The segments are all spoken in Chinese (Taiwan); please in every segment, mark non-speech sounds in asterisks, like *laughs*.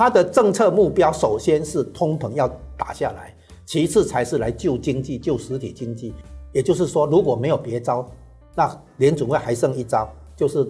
它的政策目標首先是通膨要打下來，其次才是來救經濟、救實體經濟。也就是說，如果沒有別招，那聯準會還剩一招，就是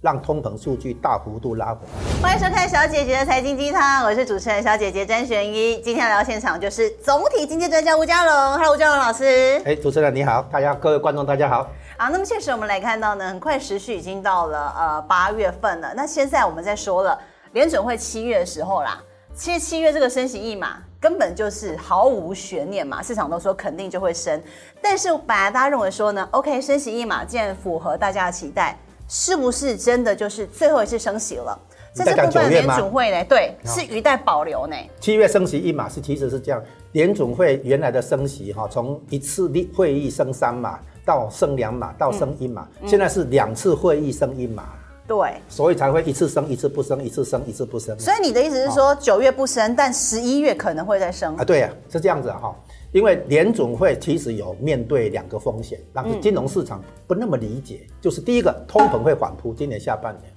讓通膨數據大幅度拉回。歡迎收看小姐姐的財經基湯，我是主持人小姐姐詹璇依。今天來到現場就是總體經濟專家吳嘉隆。Hello，吳嘉隆老師。哎、欸，主持人你好，大家各位觀眾大家好。啊，那麼確實我們來看到呢，很快時序已經到了呃八月份了。那現在我們再說了。聯準會七月的時候啦，其實七月這個升息一碼根本就是毫無懸念嘛，市場都說肯定就會升。但是本來大家認為說呢，OK，升息一碼既然符合大家的期待，是不是真的就是最後一次升息了？這是部分聯準會呢，對，哦、是有待保留呢。七月升息一碼是其實是這樣，聯準會原來的升息哈，從一次例會議升三碼到升兩碼到升一碼，嗯、現在是兩次會議升一碼。嗯嗯對，所以才會一次升一次不升，一次升一次不升，啊。所以你的意思是說九月不升，哦、但十一月可能會再升啊？對呀、啊，是這樣子哈、哦。因為聯準會其實有面對兩個風險，但、那、是、個、金融市場不那麼理解，嗯、就是第一個通膨會反撲今年下半年。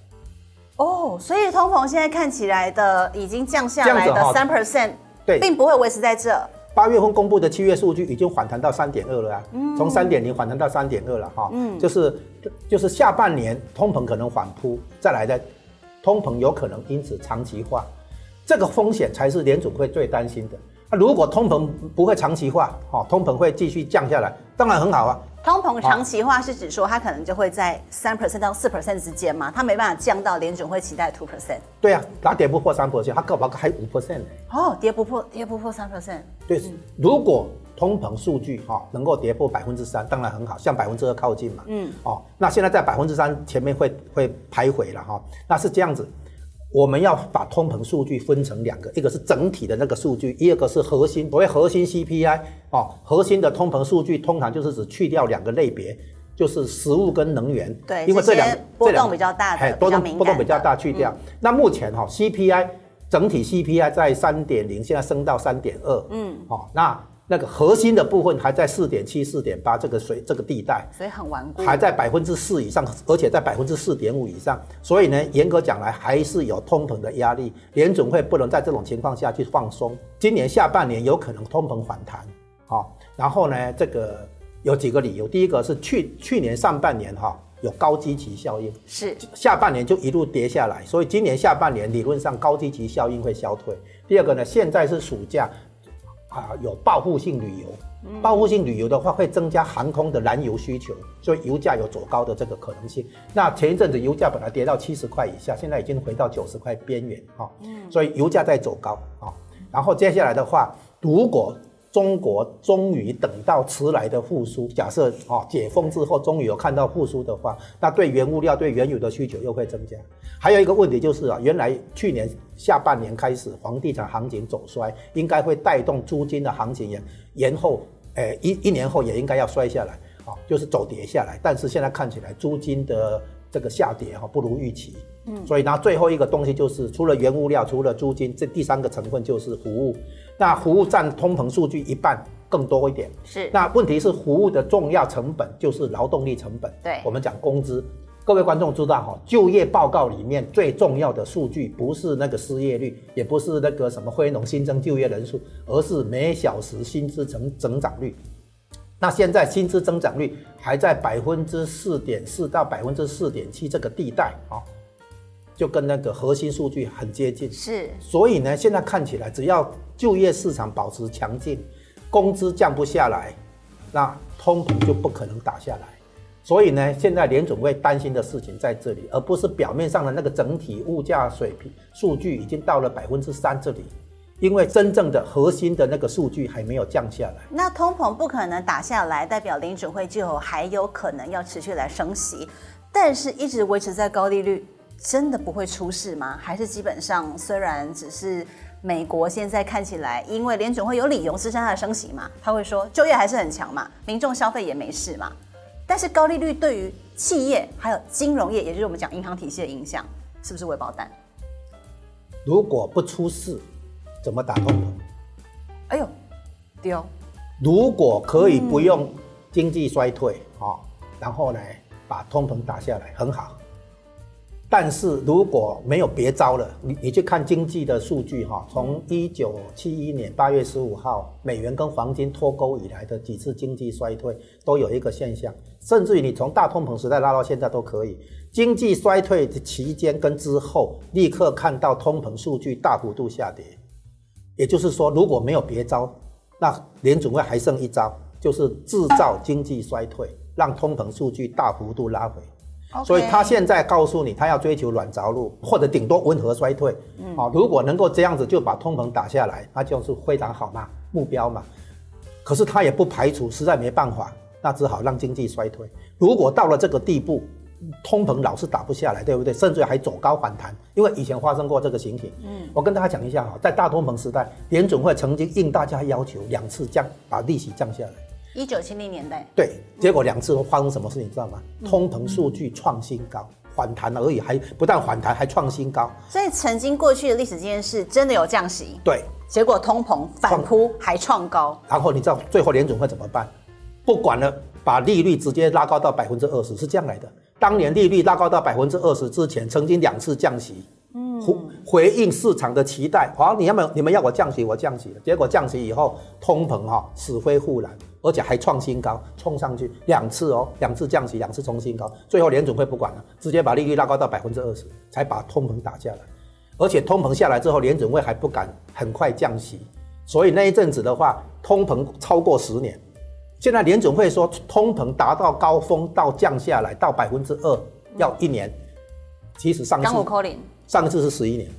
哦，所以通膨現在看起來的已經降下來的三 percent，、哦、對，並不會維持在這。八月份公布的七月數據已經反彈到三點二了，哦、嗯，從三點零反彈到三點二了哈，嗯，就是。就是下半年通膨可能反撲，再來再通膨有可能因此長期化，這個風險才是聯準會最擔心的。那、啊、如果通膨不會長期化，哈、哦，通膨會繼續降下來，當然很好啊。通膨長期化是指說它可能就會在三 percent 到四 percent 之間嘛，它沒辦法降到聯準會期待 two percent。對啊，它跌不破三 percent，它搞不好還五 percent 呢。欸、哦，跌不破，跌不破三 percent。對，嗯、如果。通膨數據哈、哦、能夠跌破百分之三，當然很好，向百分之二靠近嘛。嗯哦，那現在在百分之三前面會會徘徊了哈、哦。那是這樣子，我們要把通膨數據分成兩個，一個是整體的那個數據，一個是核心，所謂核心 CPI 啊、哦，核心的通膨數據通常就是指去掉兩個類別，就是食物跟能源。對，因為這兩個波動比較大，嘿，波動波動比較大，去掉。嗯、那目前哈、哦、CPI 整體 CPI 在三點零，現在升到三點二。嗯哦，那。那個核心的部分還在四點七、四點八這個水這個地帶，所以很頑固，還在百分之四以上，而且在百分之四點五以上。所以呢，嚴格講來還是有通膨的壓力，聯準會不能在這種情況下去放鬆。今年下半年有可能通膨反彈啊。然後呢，這個有幾個理由：第一個是去去年上半年哈有高基期效應，是下半年就一路跌下來，所以今年下半年理論上高基期效應會消退。第二個呢，現在是暑假。啊，有報復性旅遊，報復性旅遊的話會增加航空的燃油需求，所以油價有走高的這個可能性。那前一陣子油價本來跌到七十塊以下，現在已經回到九十塊邊緣啊、哦，所以油價在走高啊、哦。然後接下來的話，如果中國終於等到遲來的復甦。假設啊，解封之後，終於有看到復甦的話，那對原物料、對原油的需求又會增加。還有一個問題就是啊，原來去年下半年開始房地產行情走衰，應該會帶動租金的行情延延後，誒、呃、一一年後也應該要衰下來，啊就是走跌下來。但是現在看起來租金的這個下跌哈不如預期。嗯，所以呢，最後一個東西就是除了原物料，除了租金，這第三個成分就是服務。那服務占通膨數據一半更多一點，是。那問題是服務的重要成本就是勞動力成本，對。我們講工資，各位觀眾知道哈，就業報告裡面最重要的數據不是那個失業率，也不是那個什麼非農新增就業人數，而是每小時薪資成增長率。那現在薪資增長率還在百分之四點四到百分之四點七這個地帶。就跟那個核心數據很接近，是，所以呢，現在看起來，只要就業市場保持強勁，工資降不下來，那通膨就不可能打下來。所以呢，現在聯準會擔心的事情在這裡，而不是表面上的那個整體物價水平數據已經到了百分之三這裡，因為真正的核心的那個數據還沒有降下來。那通膨不可能打下來，代表聯準會就還有可能要持續來升息，但是一直維持在高利率。真的不會出事嗎？還是基本上雖然只是美國現在看起來，因為聯準會有理由支撐它的升息嘛？他會說就業還是很強嘛，民眾消費也沒事嘛。但是高利率對於企業還有金融業，也就是我們講銀行體系的影響，是不是未爆彈？如果不出事，怎麼打通膨？哎呦，丟、哦！如果可以不用經濟衰退啊，嗯、然後呢把通膨打下來，很好。但是如果沒有別招了，你你去看經濟的數據哈，從一九七一年八月十五號美元跟黃金脫鈎以來的幾次經濟衰退，都有一個現象，甚至於你從大通膨時代拉到現在都可以，經濟衰退的期間跟之後，立刻看到通膨數據大幅度下跌。也就是說，如果沒有別招，那聯準會還剩一招，就是製造經濟衰退，讓通膨數據大幅度拉回。Okay. 所以他現在告訴你，他要追求軟着陸，或者頂多溫和衰退，啊、嗯，如果能夠這樣子就把通膨打下來，那就是非常好嘛，目標嘛。可是他也不排除實在沒辦法，那只好讓經濟衰退。如果到了這個地步，通膨老是打不下來，對不對？甚至還走高反彈，因為以前發生過這個情形。嗯，我跟大家講一下哈，在大通膨時代，聯準會曾經應大家要求兩次降，把利息降下來。一九七零年代，對，結果兩次、嗯、發生什麼事，你知道嗎？通膨數據創新高，反彈而已，還不但反彈，還創新高。所以，曾經過去的歷史這件事，真的有降息？對，結果通膨反撲，還創高。然後你知道最後聯準會怎麼辦？不管了，把利率直接拉高到百分之二十，是這樣來的。當年利率拉高到百分之二十之前，曾經兩次降息，嗯，回應市場的期待。好、嗯哦，你要不你們要我降息，我降息。結果降息以後，通膨哈、哦、死灰復燃。而且還創新高，衝上去兩次哦，兩次降息，兩次重新高，最後聯準會不管了，直接把利率拉高到百分之二十，才把通膨打下來。而且通膨下來之後，聯準會還不敢很快降息，所以那一陣子的話，通膨超過十年。現在聯準會說通膨達到高峰到降下來到百分之二要一年，其實上一次上一次是十一年，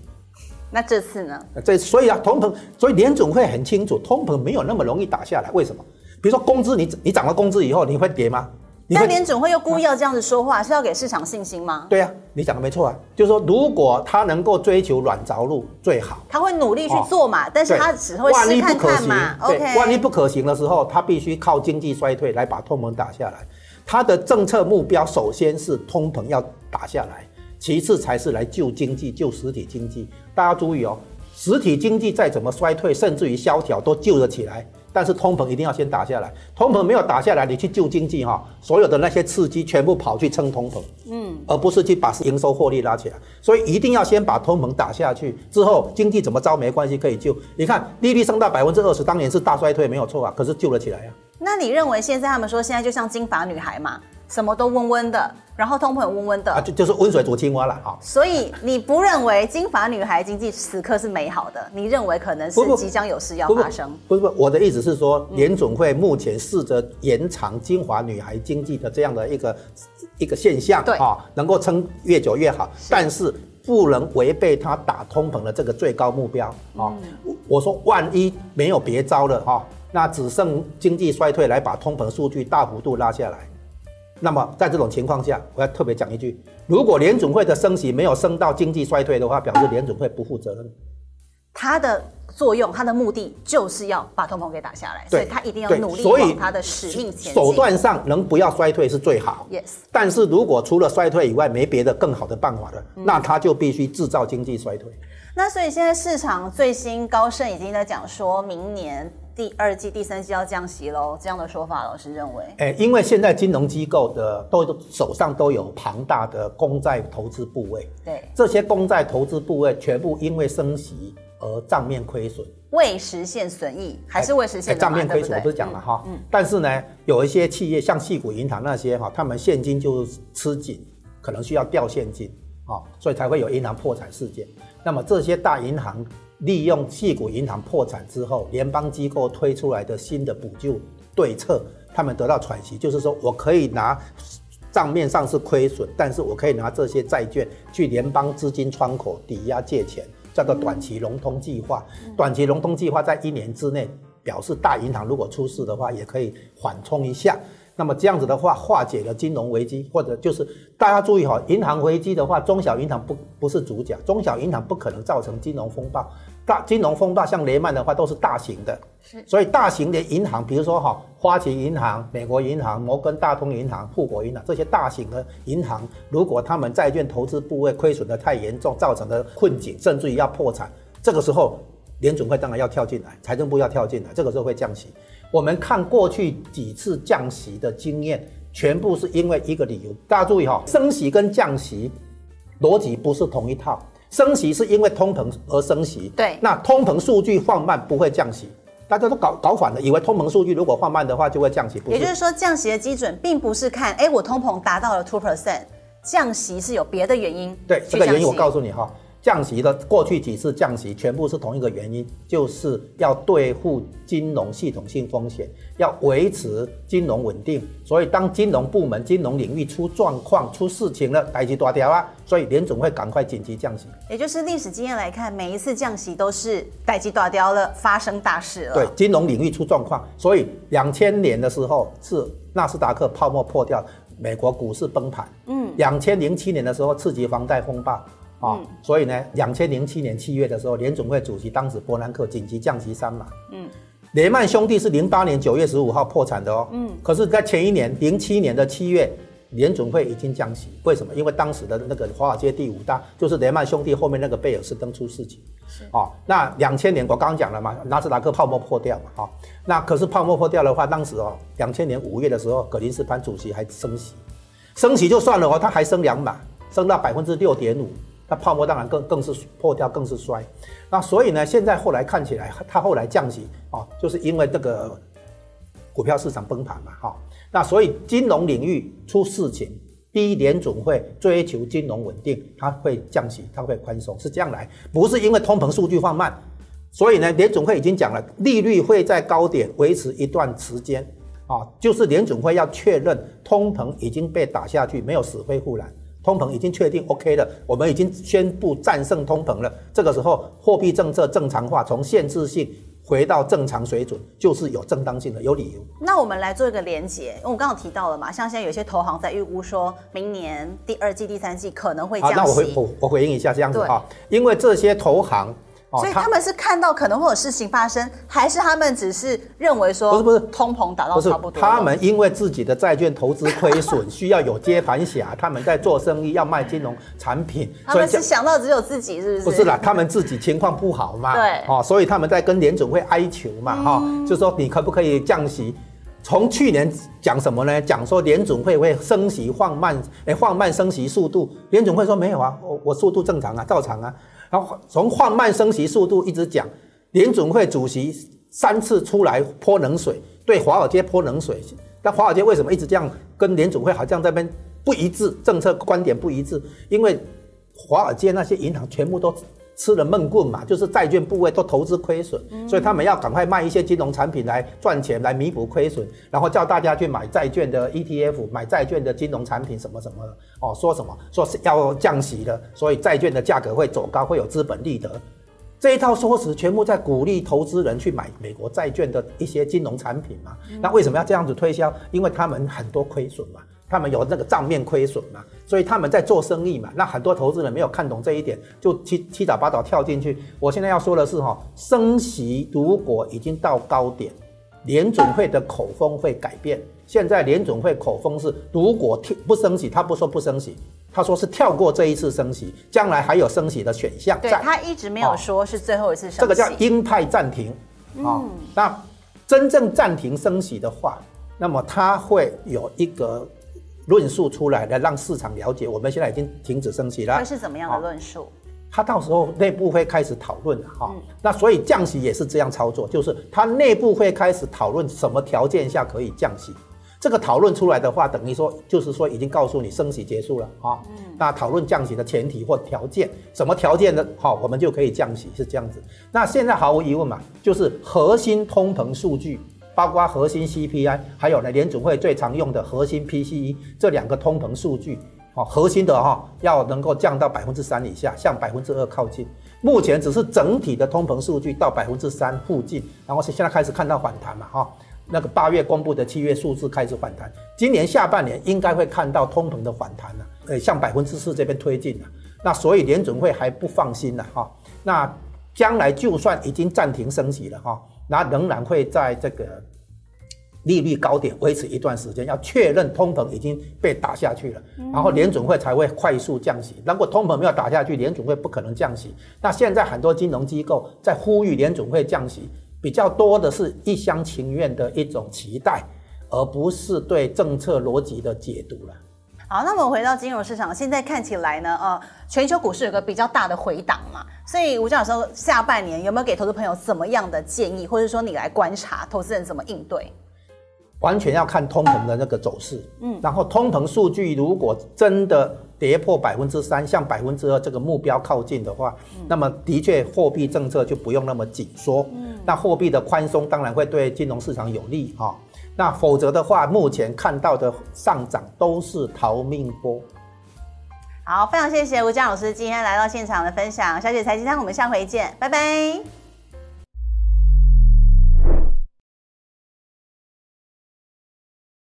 那這次呢？這所以啊，通膨，所以聯準會很清楚，通膨沒有那麼容易打下來，為什麼？比如說工資你，你你漲了工資以後，你會跌嗎？但聯準會又故意要這樣子說話，啊、是要給市場信心嗎？對呀、啊，你講的沒錯啊，就是說如果他能夠追求軟着陸最好，他會努力去做嘛，哦、但是他只會試探嘛。嗎對 OK。萬一不可行的時候，他必須靠經濟衰退來把通膨打下來。他的政策目標首先是通膨要打下來，其次才是來救經濟、救實體經濟。大家注意哦，實體經濟再怎麼衰退，甚至於蕭條，都救得起來。但是通膨一定要先打下來，通膨沒有打下來，你去救經濟哈、哦，所有的那些刺激全部跑去撐通膨，嗯，而不是去把營收獲利拉起來。所以一定要先把通膨打下去之後，經濟怎麼招沒關係，可以救。你看利率升到百分之二十，當年是大衰退沒有錯啊，可是救了起來呀、啊。那你認為現在他們說現在就像金髮女孩嘛？什麼都溫溫的，然後通膨也溫溫的啊，就就是溫水煮青蛙了哈。哦、所以你不認為金髮女孩經濟此刻是美好的？你認為可能是即將有事要發生？不是，不，不，不，不，我的意思是說，聯準會目前試着延長金髮女孩經濟的這樣的一個、嗯、一個現象，對啊、哦，能夠撐越久越好，是但是不能違背它打通膨的這個最高目標啊、哦嗯。我說萬一沒有別招了哈、哦，那只剩經濟衰退來把通膨數據大幅度拉下來。那麼在這種情況下，我要特別講一句：如果聯準會的升息沒有升到經濟衰退的話，表示聯準會不負責任。它的作用，它的目的就是要把通膨給打下來，對所以它一定要努力往它的使命前進。手段上能不要衰退是最好。Yes 但是如果除了衰退以外沒別的更好的辦法了，嗯、那它就必須制造經濟衰退。那所以現在市場最新，高盛已經在講說明年。第二季、第三季，要降息嘍，這樣的說法，老師認為、欸，因為現在金融機構的都手上都有龐大的公債投資部位，對，這些公債投資部位全部因為升息而賬面虧損，未實現損益還是未實現賬、欸欸、面虧損，對不對？我不是講了哈、嗯，嗯，但是呢，有一些企業像矽谷銀行那些哈，他們現金就吃緊，可能需要掉現金，所以才會有銀行破產事件。那麼這些大銀行。利用硅谷銀行破產之後，聯邦機構推出來的新的補救對策，他們得到喘息，就是說我可以拿賬面上是虧損，但是我可以拿這些債券去聯邦資金窗口抵押借錢，叫做短期融通計劃。短期融通計劃在一年之內，表示大銀行如果出事的話，也可以緩衝一下。那麼這樣子的話，化解了金融危機，或者就是大家注意哈、哦，銀行危機的話，中小銀行不不是主角，中小銀行不可能造成金融風暴。大金融風暴像雷曼的話都是大型的，是所以大型的銀行，比如說哈、哦，花旗銀行、美國銀行、摩根大通銀行、富國銀行這些大型的銀行，如果他們債券投資部位虧損得太嚴重，造成的困境，甚至於要破產，這個時候，聯準會當然要跳進來，財政部要跳進來，這個時候會降息。我們看過去幾次降息的經驗，全部是因為一個理由。大家注意哈、哦，升息跟降息邏輯不是同一套。升息是因為通膨而升息，對。那通膨數據放慢不會降息，大家都搞搞反了，以為通膨數據如果放慢的話就會降息。不也就是說，降息的基準並不是看，哎，我通膨達到了 two percent，降息是有別的原因。對，這個原因我告訴你哈、哦。降息的過去幾次降息全部是同一個原因，就是要對付金融系統性風險，要維持金融穩定。所以，當金融部門、金融領域出狀況、出事情了，代誌大條了，所以聯準會趕快緊急降息。也就是歷史經驗來看，每一次降息都是代誌大條了，發生大事了。對，金融領域出狀況。所以，兩千年的時候是納斯達克泡沫破掉，美國股市崩盤。嗯，兩千零七年的時候次級房貸風暴。哦、嗯，所以呢，兩千零七年七月的時候，聯準會主席當時伯南克緊急降息三碼。嗯，雷曼兄弟是零八年九月十五號破產的哦。嗯，可是，在前一年零七年的七月，聯準會已經降息。為什麼？因為當時的那個華爾街第五大，就是雷曼兄弟後面那個貝爾斯登出事情。是啊、哦，那兩千年我剛講了嘛，納斯達克泡沫破掉嘛。哈、哦，那可是泡沫破掉的話，當時哦，兩千年五月的時候，格林斯潘主席還升息，升息就算了哦，他還升兩碼，升到百分之六點五。泡沫當然更更是破掉，更是衰。那所以呢，現在後來看起來，它後來降息啊、哦，就是因為這個股票市場崩盤嘛，哈、哦。那所以金融領域出事情，第一，聯準會追求金融穩定，它會降息，它會寬鬆，是這樣來。不是因為通膨數據放慢，所以呢，聯準會已經講了，利率會在高點維持一段時間啊、哦，就是聯準會要確認通膨已經被打下去，沒有死灰復燃。通膨已經確定 OK 了，我們已經宣布戰勝通膨了。這個時候，貨幣政策正常化，從限制性回到正常水準，就是有正當性的，有理由。那我們來做一個連結，因為我剛剛提到了嘛，像現在有些投行在預估，說明年第二季、第三季可能會降息。好，那我回我，我回應一下，這樣子哈、啊，對因為這些投行。所以他們是看到可能會有事情發生，還是他們只是認為說？不是不是，通膨打到差不多不是不是不。他們因為自己的債券投資虧損， *laughs* 需要有接盤俠。他們在做生意， *laughs* 要賣金融產品。他們是想到只有自己是不是？不是啦，他們自己情況不好嘛。 *laughs* 對，哦，所以他們在跟聯準會哀求嘛，哈、哦，就說你可不可以降息？從去年講什麼呢？講說聯準會會升息放慢，哎、欸，放慢升息速度。聯準會說沒有啊，我我速度正常啊，照常啊。然後從緩慢升息速度一直講，聯準會主席三次出來潑冷水，對華爾街潑冷水。但華爾街為什麼一直這樣？跟聯準會好像這邊不一致，政策觀點不一致。因為華爾街那些銀行全部都。吃了悶棍嘛，就是債券部位都投資虧損，所以他們要趕快賣一些金融產品來賺錢，來彌補虧損，然後叫大家去買債券的 ETF，買債券的金融產品什麼什麼的，哦，說什麼，說是要降息的，所以債券的價格會走高，會有資本利得，這一套說辭全部在鼓勵投資人去買美國債券的一些金融產品嘛，那為什麼要這樣子推銷？因為他們很多虧損嘛。他們有那個賬面虧損嘛，所以他們在做生意嘛。那很多投資人沒有看懂這一點，就七七早八早跳進去。我現在要說的是哈、喔，升息如果已經到高點，聯準會的口風會改變。現在聯準會口風是，如果跳不升息，他不說不升息，他說是跳過這一次升息，將來還有升息的選項。對站他一直沒有說是最後一次升息，喔、這個叫鷹派暫停。嗯、喔，那真正暫停升息的話，那麼他會有一個。論述出來來讓市場了解，我們現在已經停止升息了。它是怎麼樣的論述？它、哦、到時候內部會開始討論哈，哦嗯、那所以降息也是這樣操作，就是它內部會開始討論什麼條件下可以降息。這個討論出來的話，等於說就是說已經告訴你升息結束了啊。哦嗯、那討論降息的前提或條件，什麼條件的好、哦，我們就可以降息是這樣子。那現在毫無疑問嘛，就是核心通膨數據。包括核心 CPI，還有呢，聯準會最常用的核心 PCE 這兩個通膨數據，啊、哦，核心的哈、哦、要能夠降到百分之三以下，向百分之二靠近。目前只是整體的通膨數據到百分之三附近，然後現在開始看到反彈嘛，哈、哦，那個八月公布的七月數字開始反彈，今年下半年應該會看到通膨的反彈了，啊哎，向百分之四這邊推進了，啊。那所以聯準會還不放心哈，啊哦，那將來就算已經暫停升息了，哈、哦。那仍然會在這個利率高點維持一段時間，要確認通膨已經被打下去了，然後聯準會才會快速降息。如果通膨沒有打下去，聯準會不可能降息。那現在很多金融機構在呼籲聯準會降息，比較多的是一廂情願的一種期待，而不是對政策邏輯的解讀了。好，那我們回到金融市場，現在看起來呢，呃，全球股市有個比較大的回檔嘛，所以吳教授下半年有沒有給投資朋友怎麼樣的建議，或者說你來觀察投資人怎麼應對？完全要看通膨的那個走勢，嗯，然後通膨數據如果真的跌破百分之三，向百分之二這個目標靠近的話，那麼的確貨幣政策就不用那麼緊縮，嗯，那貨幣的寬鬆當然會對金融市場有利，哈、哦。那否則的話，目前看到的上漲都是逃命波。好，非常謝謝吳嘉隆老師今天來到現場的分享，小姐姐的財經基湯，我們下回見，拜拜。